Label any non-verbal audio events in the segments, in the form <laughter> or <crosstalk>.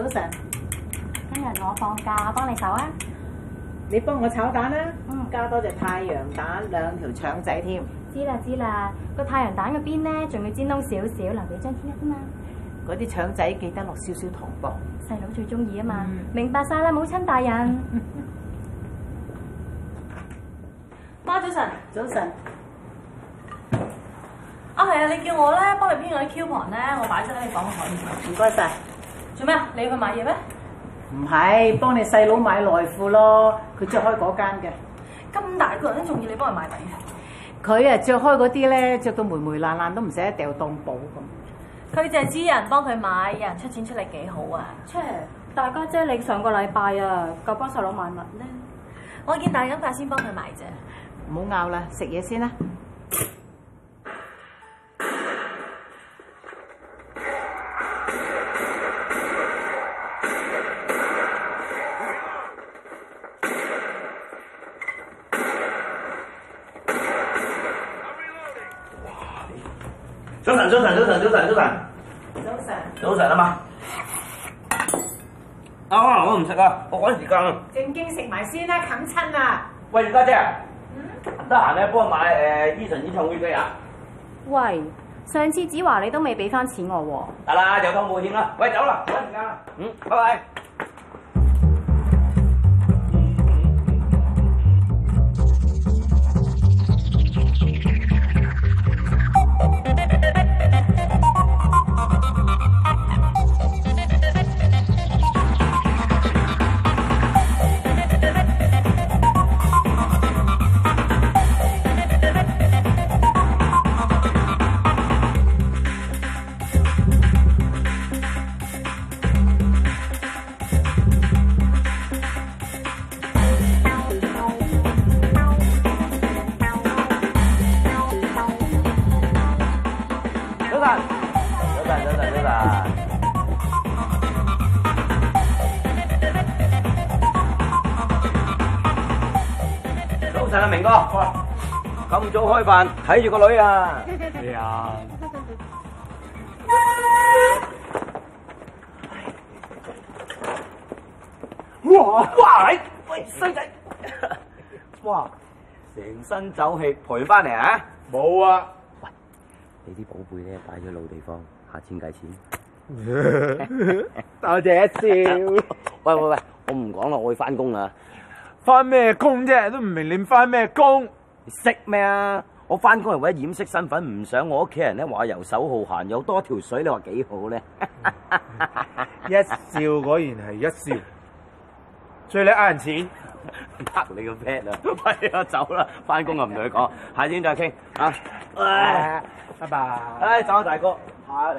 早晨，今日我放假，我幫你手啊！你幫我炒蛋啦，嗯，加多隻太陽蛋，兩條腸仔添。知啦知啦，個太陽蛋個邊咧，仲要煎燶少少，留俾張添一先啦。嗰啲腸仔記得落少少糖糖。細佬最中意啊嘛，明白晒啦，母親大人。媽，早晨，早晨。啊係啊，你叫我咧，幫你編嗰啲 coupon 咧，我擺咗喺你房度，唔該晒。做咩？你去買嘢咩？唔係，幫你細佬買內褲咯，佢着開嗰間嘅。咁大個人都仲要你幫佢買嘢？佢啊着開嗰啲咧，着到霉霉爛爛都唔捨得掉當寶咁。佢淨係知有人幫佢買，有人出錢出嚟幾好啊。切！大家姐你上個禮拜啊，夠幫細佬買物咧？我見大家姐先幫佢買啫，唔好拗啦，食嘢先啦。早晨，早晨。早晨。早晨啊嘛。阿媽，我唔食啊，我趕時間啊。正經食埋先啦，冚親啊。喂，家姐，得閒咧，幫我買誒，Eason 演唱會飛啊。喂，上次子華你都未俾翻錢我、啊、喎。得啦，有湯冇欠啦。喂，走啦，冇時間啦。嗯，拜拜。開飯，睇住個女啊！哎啊呀！哇，哇！喂喂，衰仔！哇！成身酒氣，陪佢翻嚟啊？冇啊！喂，你啲寶貝咧擺咗老地方，下次計錢。多謝一次！ <laughs> 喂喂喂，我唔講啦，我去翻工啊！翻咩工啫？都唔明你翻咩工？識咩啊？我翻工係為咗掩飾身份，唔想我屋企人咧話遊手好閒，有多條水，你話幾好咧？ <laughs> 一少果然係一少，最呃人錢，得你個 pat 啊！係啊，走啦，翻工啊，唔同你講，下天再傾啊！拜拜，哎，走啦，大哥，下嚟。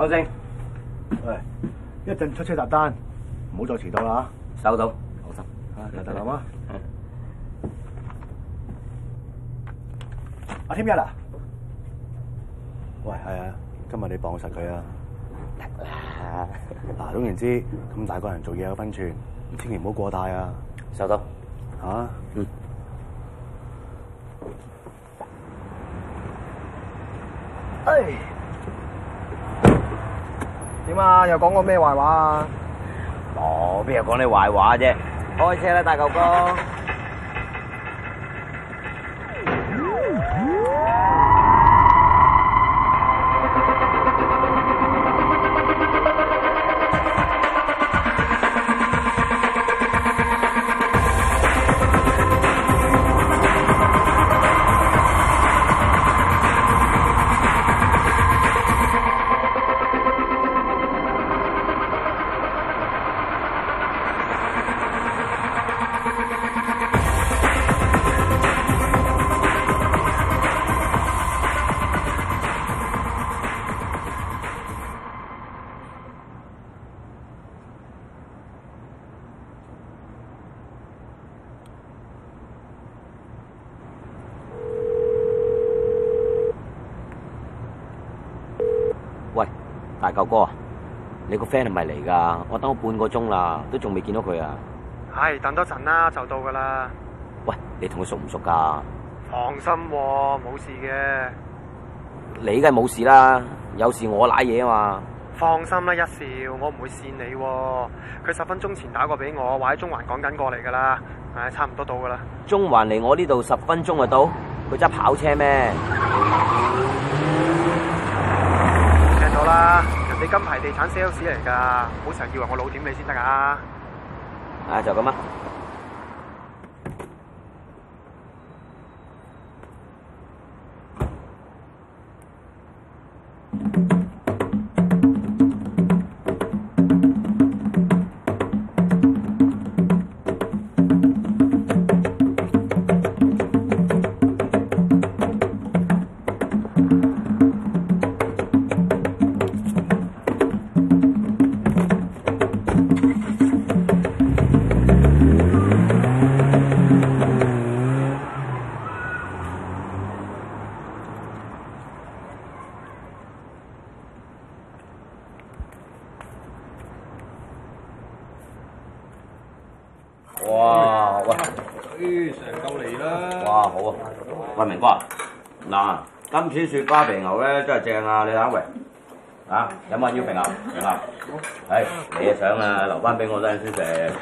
阿正，喂，一陣出車搭單，唔好再遲到啦吓！收到，放心。啊，特特諗啊！阿添一啊，喂，係啊，今日你綁實佢啊！得啦。嗱、 <laughs> 啊，總言之，咁大個人做嘢有分寸，千祈唔好過大啊！收到。吓、啊？又講過咩壞話啊？我邊、哦、有講你壞話啫！開車啦，大舅哥。 <laughs> 你個 friend 係咪嚟噶？我等咗半個鐘啦，都仲未見到佢啊！係、哎、等多陣啦，就到噶啦。喂，你同佢熟唔熟噶？放心、啊，冇事嘅。你梗係冇事啦，有事我瀨嘢啊嘛。放心啦，一少，我唔會扇你、啊。佢十分鐘前打過俾我，話喺中環趕緊過嚟噶啦，唉、哎，差唔多到噶啦。中環嚟我呢度十分鐘就到，佢揸跑車咩？聽到啦。金牌地產 sales 嚟噶，唔好成日以為我老點你先得啊！啊，就咁啦。喂，明哥，嗱，今次雪瓜肥牛咧真係正啊！你睇下喂，啊，有冇人要肥牛？肥牛，哎，你嘅相啊，留翻俾我先先食。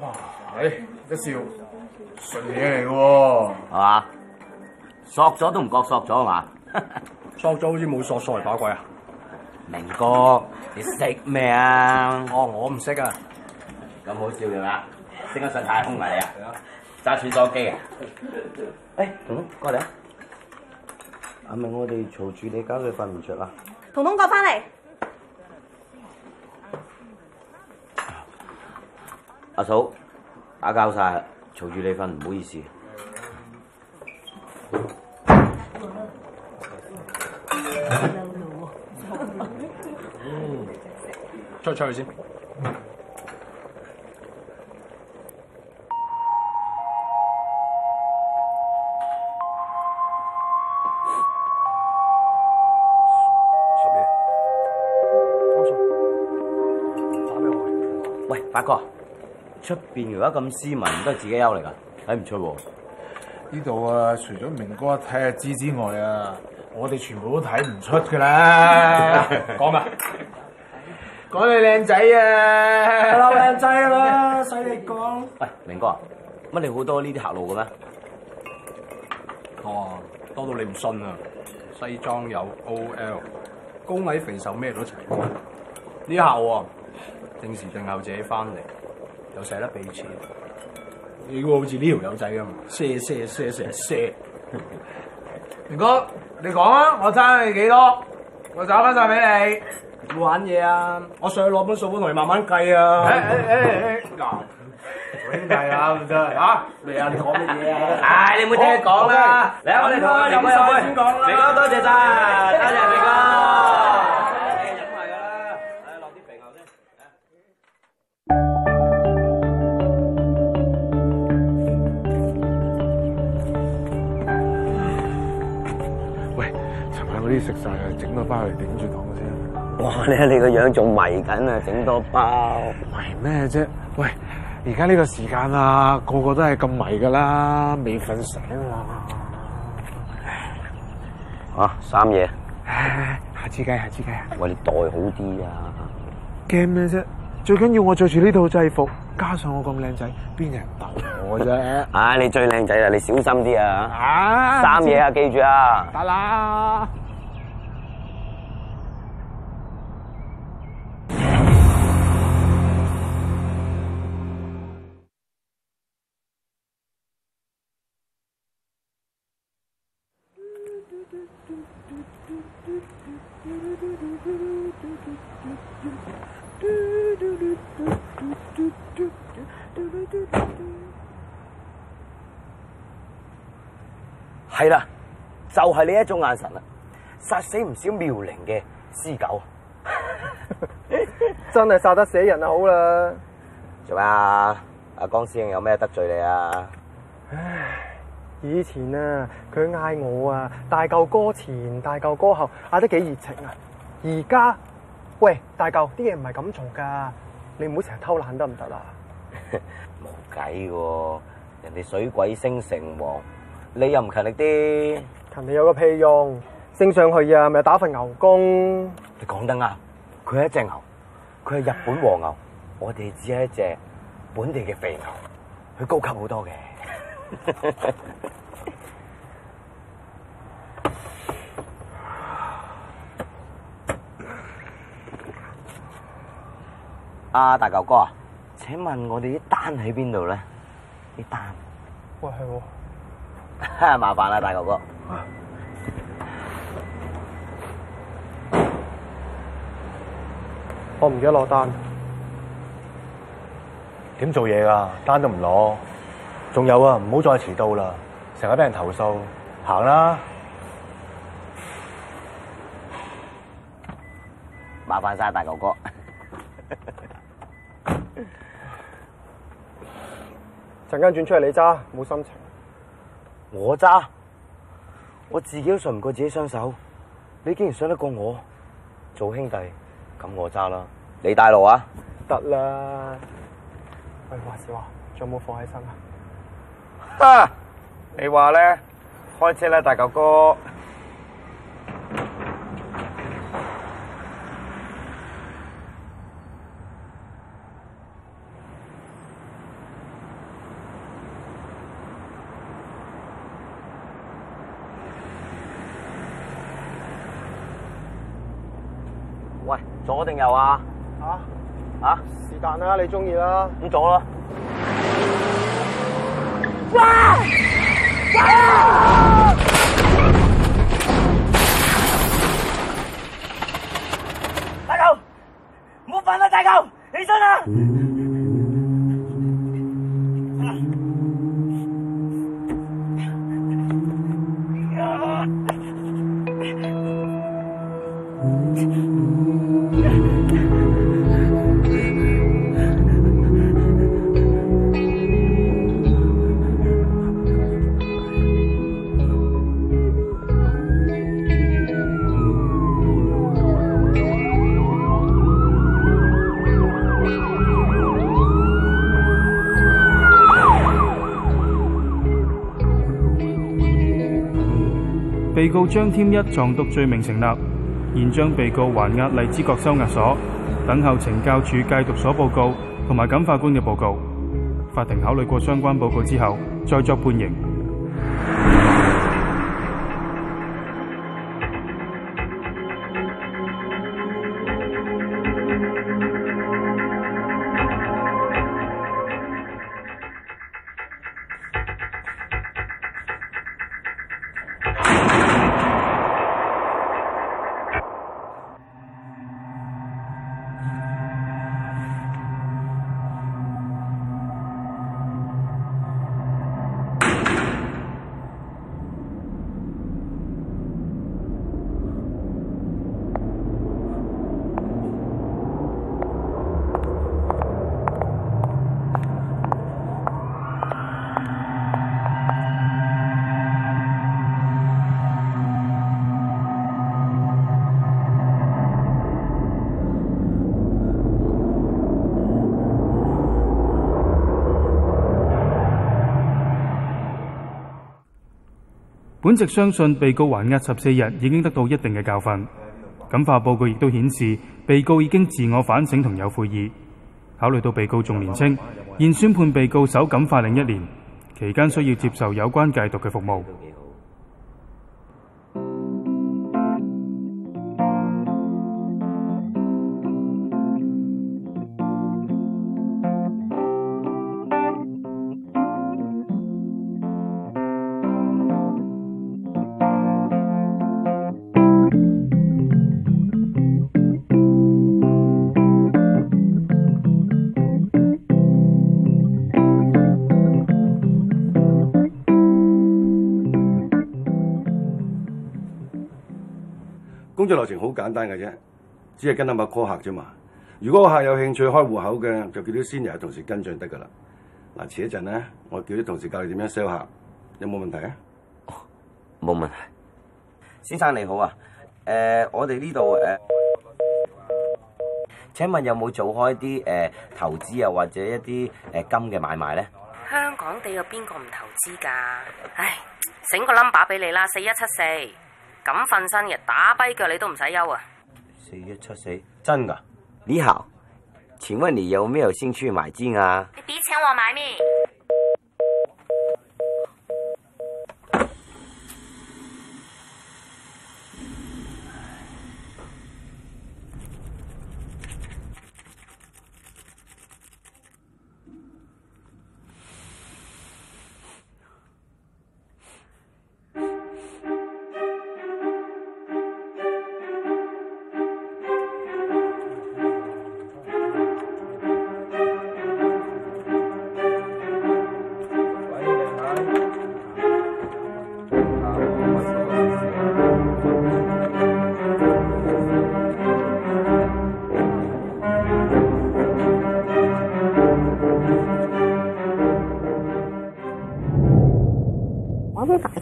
哇，哎，一笑神影嚟嘅喎，係嘛？索咗都唔覺索咗啊嘛？索咗好似冇索咗嚟把鬼啊！明哥，你食咩啊？我我唔識啊。咁好笑嘅嘛？升得上太空嚟啊？揸住手機啊！哎，彤彤東過嚟啊，係咪我哋嘈住你搞佢瞓唔着啊？彤彤過翻嚟，阿嫂打攪晒，嘈住你瞓，唔好意思。嗯，出去先。出邊如果咁斯文，都係自己休嚟噶，睇唔出喎。呢度啊，除咗明哥睇下知之外啊，我哋全部都睇唔出噶啦。講 <laughs> 麼 <laughs> 啊，講 <laughs> 你靚仔啊，Hello 靚仔啦，使你講。喂，明哥啊，乜你好多呢啲客路嘅咩？哦、啊，多到你唔信啊！西裝有 OL，高矮肥瘦咩都齊。呢下喎，正時定時候自己翻嚟。又捨得俾錢，你個好似呢條友仔咁，賒賒賒成日賒！明哥，你講啊，我爭你幾多，我找翻晒俾你。冇玩嘢啊！我上去攞本數本同你慢慢計啊！哎哎哎哎，嗱，好兄弟啊？咁真係啊，啊，你啊？你講乜嘢啊？唉，你冇聽佢講啦。嚟，我哋同佢飲開杯。先講啦，多謝晒，多謝。食晒啊，整多包嚟頂住檔先。哇！你你個樣仲迷緊啊，整多包迷咩啫？喂，而家呢個時間啊，個個都係咁迷噶啦，未瞓醒嘛？啊，三爺，吓，下次計，下次計，我哋袋好啲啊。驚咩啫？最緊要我着住呢套制服，加上我咁靚仔，邊人鬥我啫？唉、 <laughs> 啊，你最靚仔啦，你小心啲啊！啊野，三爺啊，記住啦。得啦、啊。你一種眼神啊！殺死唔少妙齡嘅獅狗， <laughs> <laughs> 真係殺得死人啊！好啦，做咩啊？阿江師兄有咩得罪你啊？唉， <laughs> 以前啊，佢嗌我啊，大舊哥前，大舊哥後，嗌得幾熱情啊！而家喂，大舊啲嘢唔係咁做噶，你唔好成日偷懶得唔得啦？冇計嘅，人哋水鬼升城王，啊，你又唔勤力啲？勤力有個屁用，升上去啊，咪打份牛工。你講得啱，佢係一隻牛，佢係日本和牛，我哋只係一隻本地嘅肥牛，佢高級好多嘅。啊，大舅哥啊，請問我哋啲單喺邊度咧？啲單，喂，係喎，哈，麻煩啦，大舅哥。我唔記得落單，點做嘢啊？單都唔攞，仲有啊！唔好再遲到啦，成日俾人投訴，行啦！麻煩晒大哥哥，陣間轉出嚟你揸。冇心情，我揸。我自己都信唔過自己雙手，你竟然想得過我？做兄弟，咁我揸啦，你帶路啊！得啦，喂話時話啊，仲有冇貨喺身啊？啊，你話咧，開車啦大舅哥、哥。左定右啊？啊啊！是但啦，你中意啦。咁左啦。哇！加油！大狗，唔好瞓啦大狗，起身啊！被告張添一藏毒罪名成立，現將被告還押荔枝角收押所，等候懲教署戒毒所報告同埋感化官嘅報告。法庭考慮過相關報告之後，再作判刑。本席相信被告還押十四日已經得到一定嘅教訓，感化報告亦都顯示被告已經自我反省同有悔意。考慮到被告仲年輕，現宣判被告受感化令一年，期間需要接受有關戒毒嘅服務。工作流程好簡單嘅啫，只係跟下麥 call 客啫嘛。如果個客有興趣開戶口嘅，就叫啲新人同事跟進就得噶啦。嗱，遲一陣咧，我叫啲同事教你點樣 sell 客，有冇問題啊？冇、哦、問題。先生你好啊，誒、呃，我哋呢度誒，請問有冇做開啲誒、呃、投資啊，或者一啲誒、呃、金嘅買賣咧？香港地有邊個唔投資噶？唉，醒個 number 俾你啦，四一七四。咁瞓身嘅打跛腳你都唔使憂啊！四一七四，真㗎？你好，請問你有冇有興趣買金啊？你俾錢我買咩？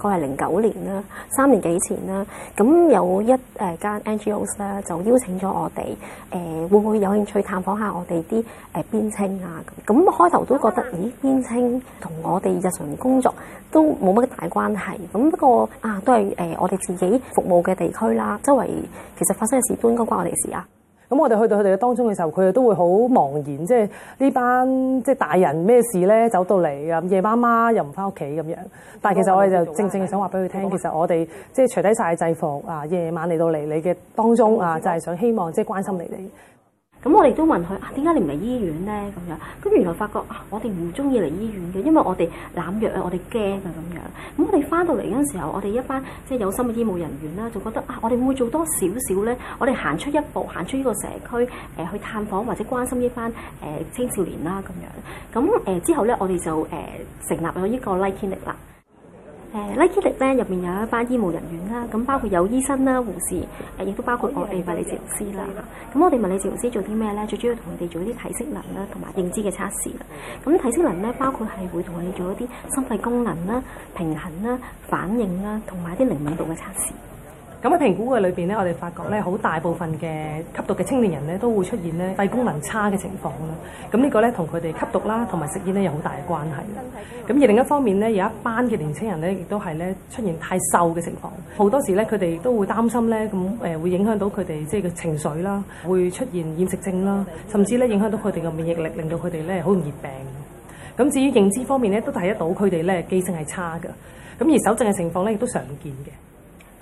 個係零九年啦，三年幾前啦，咁有一誒間 NGO 咧就邀請咗我哋，誒、呃、會唔會有興趣探訪下我哋啲誒邊青啊？咁開頭都覺得，咦邊青同我哋日常工作都冇乜大關係，咁不過啊，都係誒、呃、我哋自己服務嘅地區啦，周圍其實發生嘅事都應該關我哋事啊。咁、嗯、我哋去到佢哋嘅當中嘅時候，佢哋都會好茫然，即係呢班即係、就是、大人咩事咧走到嚟啊，夜媽媽又唔返屋企咁樣。但係其實我哋就正正想話俾佢聽，其實我哋即係除低晒制服啊，夜晚嚟到嚟你嘅當中啊，就係想希望即係、就是、關心你哋。咁我哋都問佢點解你唔嚟醫院咧？咁樣，咁原來發覺啊，我哋唔中意嚟醫院嘅，因為我哋濫藥啊，我哋驚啊咁樣。咁我哋翻到嚟嗰陣時候，我哋一班即係有心嘅醫務人員啦，就覺得啊，我哋會做多少少咧，我哋行出一步，行出呢個社區誒去探訪或者關心呢班誒青少年啦咁樣。咁誒之後咧，我哋就誒成立咗呢個 Like 啦。誒 Nike 力咧，入邊有一班醫務人員啦，咁包括有醫生啦、護士，誒亦都包括我哋物理治療師啦。咁 <music> 我哋物理治療師做啲咩咧？最主要同佢哋做一啲體適能啦，同埋認知嘅測試啦。咁體適能咧，包括係會同佢哋做一啲心肺功能啦、平衡啦、反應啦，同埋一啲靈敏度嘅測試。咁喺評估嘅裏邊咧，我哋發覺咧，好大部分嘅吸毒嘅青年人咧，都會出現咧肺功能差嘅情況啦。咁呢個咧，同佢哋吸毒啦，同埋食煙咧，有好大嘅關係。咁而另一方面咧，有一班嘅年青人咧，亦都係咧出現太瘦嘅情況。好多時咧，佢哋都會擔心咧，咁誒會影響到佢哋即係嘅情緒啦，會出現厭食症啦，甚至咧影響到佢哋嘅免疫力，令到佢哋咧好容易病。咁至於認知方面咧，都睇得到佢哋咧記性係差㗎。咁而手震嘅情況咧，亦都常見嘅。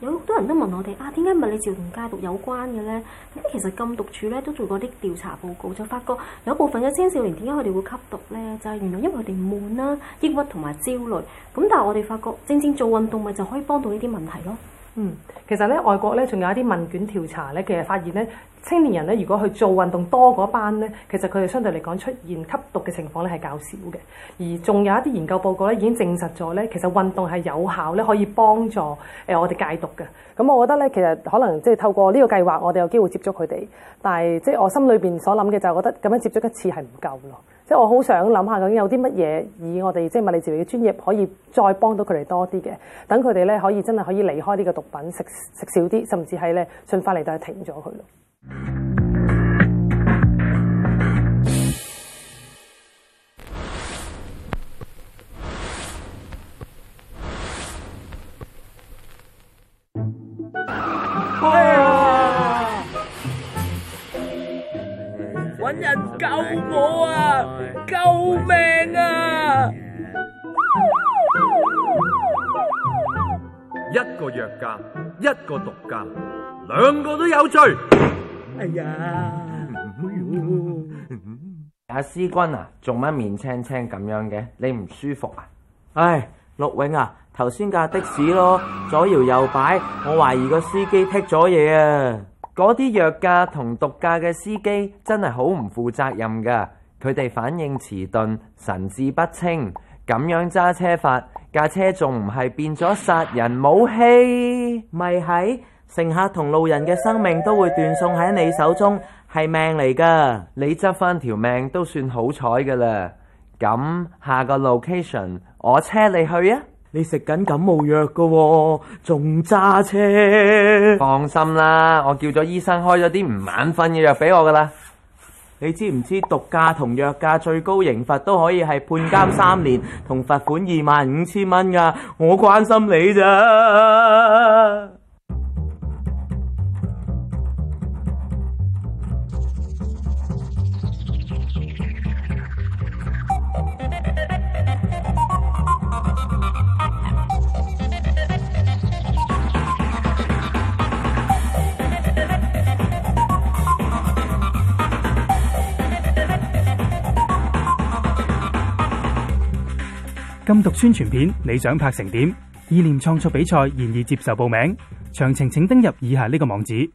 有好多人都問我哋啊，點解物理治療同戒毒有關嘅呢？咁其實禁毒處咧都做過啲調查報告，就發覺有部分嘅青少年點解佢哋會吸毒呢？就係原來因為佢哋悶啦、抑鬱同埋焦慮。咁但係我哋發覺正正做運動咪就可以幫到呢啲問題咯。嗯，其實咧，外國咧仲有一啲問卷調查咧，其實發現咧，青年人咧如果去做運動多嗰班咧，其實佢哋相對嚟講出現吸毒嘅情況咧係較少嘅。而仲有一啲研究報告咧已經證實咗咧，其實運動係有效咧，可以幫助誒我哋戒毒嘅。咁、嗯、我覺得咧，其實可能即係透過呢個計劃，我哋有機會接觸佢哋。但係即係我心裏邊所諗嘅就係覺得咁樣接觸一次係唔夠咯。即係我好想諗下究竟有啲乜嘢以我哋即係物理治療嘅專業可以再幫到佢哋多啲嘅，等佢哋咧可以真係可以離開呢個毒品，食食少啲，甚至係咧進返嚟但係停咗佢咯。藥駕一個毒駕，兩個都有罪。哎呀，阿思君啊，做乜面青青咁樣嘅？你唔舒服啊？唉，陸永啊，頭先架的士咯，左搖右擺，我懷疑個司機剔咗嘢啊！嗰啲藥駕同毒駕嘅司機真係好唔負責任噶，佢哋反應遲鈍，神志不清。咁樣揸車法，架車仲唔係變咗殺人武器？咪係，乘客同路人嘅生命都會斷送喺你手中，係命嚟噶。你執翻條命都算好彩噶啦。咁下個 location，我車你去啊。你食緊感冒藥噶，仲揸車？放心啦，我叫咗醫生開咗啲唔眼瞓嘅藥俾我噶啦。你知唔知毒駕同藥駕最高刑罰都可以係判監三年同罰款二萬五千蚊㗎？我關心你咋。禁毒宣傳片你想拍成點？意念創作比賽現已接受報名，詳情請登入以下呢個網址。